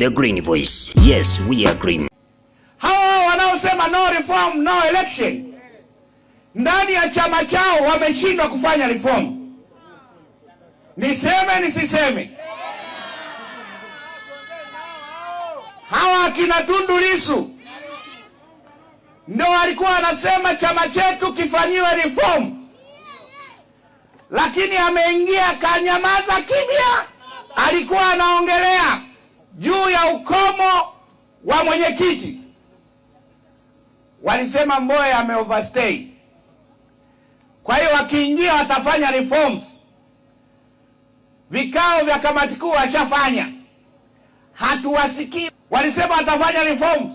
The Green Voice. Yes, we are green. Hawa wanaosema no reform, no election, ndani ya chama chao wameshindwa kufanya reform. Niseme nisiseme? Hawa akina Tundu Lissu ndio walikuwa wanasema chama chetu kifanyiwe reform, lakini ameingia kanyamaza kimya, alikuwa anaongelea juu ya ukomo wa mwenyekiti. Walisema Mbowe ame overstay, kwa hiyo wakiingia watafanya reforms. Vikao vya kamati kuu washafanya, hatuwasikii. Walisema watafanya reforms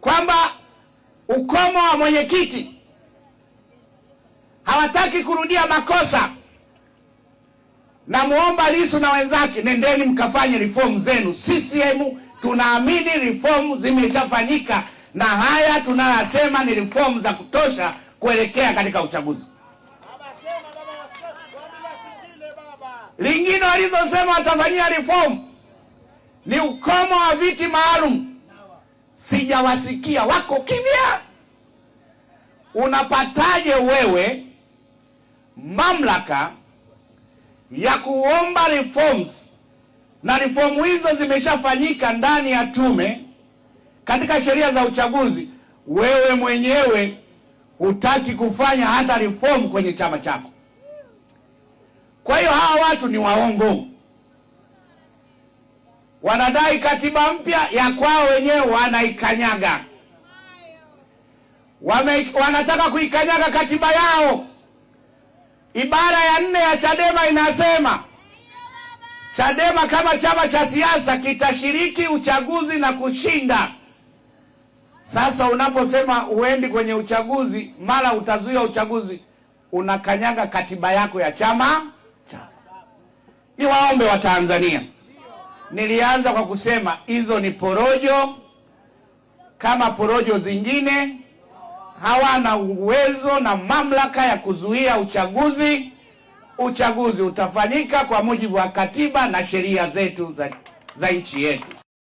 kwamba ukomo wa mwenyekiti, hawataki kurudia makosa. Namwomba Lissu na wenzake, nendeni mkafanye reform zenu. CCM tunaamini reform zimeshafanyika na haya tunayasema ni reform za kutosha kuelekea katika uchaguzi. Lingine walizosema watafanyia reform ni ukomo wa viti maalum, sijawasikia. Wako kimya. Unapataje wewe mamlaka ya kuomba reforms na reformu hizo zimeshafanyika ndani ya tume katika sheria za uchaguzi. Wewe mwenyewe hutaki kufanya hata reform kwenye chama chako. Kwa hiyo hawa watu ni waongo, wanadai katiba mpya ya kwao wenyewe, wanaikanyaga wame, wanataka kuikanyaga katiba yao. Ibara ya nne ya Chadema inasema Chadema kama chama cha siasa kitashiriki uchaguzi na kushinda. Sasa unaposema uendi kwenye uchaguzi, mara utazuia uchaguzi, unakanyaga katiba yako ya chama chako. wa tanzania nilianza kwa kusema hizo ni porojo kama porojo zingine hawana uwezo na mamlaka ya kuzuia uchaguzi. Uchaguzi utafanyika kwa mujibu wa katiba na sheria zetu za, za nchi yetu.